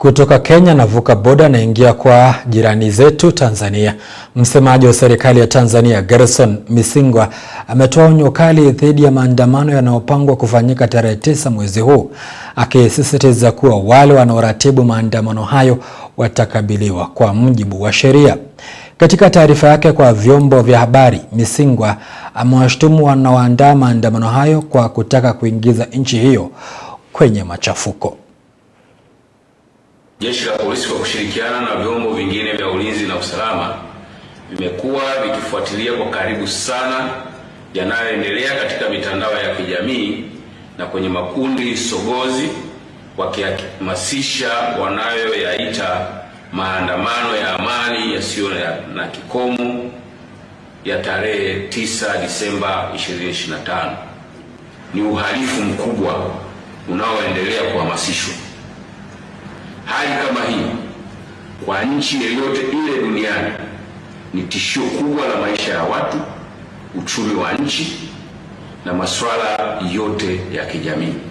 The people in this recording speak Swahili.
Kutoka Kenya navuka boda naingia kwa jirani zetu Tanzania. Msemaji wa serikali ya Tanzania Gerson misingwa ametoa onyo kali dhidi ya maandamano yanayopangwa kufanyika tarehe tisa mwezi huu, akisisitiza kuwa wale wanaoratibu maandamano hayo watakabiliwa kwa mujibu wa sheria. Katika taarifa yake kwa vyombo vya habari, misingwa amewashtumu wanaoandaa maandamano hayo kwa kutaka kuingiza nchi hiyo kwenye machafuko. Jeshi la Polisi kwa kushirikiana na vyombo vingine vya ulinzi na usalama vimekuwa vikifuatilia kwa karibu sana yanayoendelea katika mitandao ya kijamii na kwenye makundi sogozi, wakihamasisha wanayoyaita maandamano ya amani yasiyo na kikomo ya tarehe 9 Disemba 2025. Ni uhalifu mkubwa unaoendelea kuhamasishwa. kwa nchi yoyote ile duniani ni tishio kubwa la maisha ya watu, uchumi wa nchi na masuala yote ya kijamii.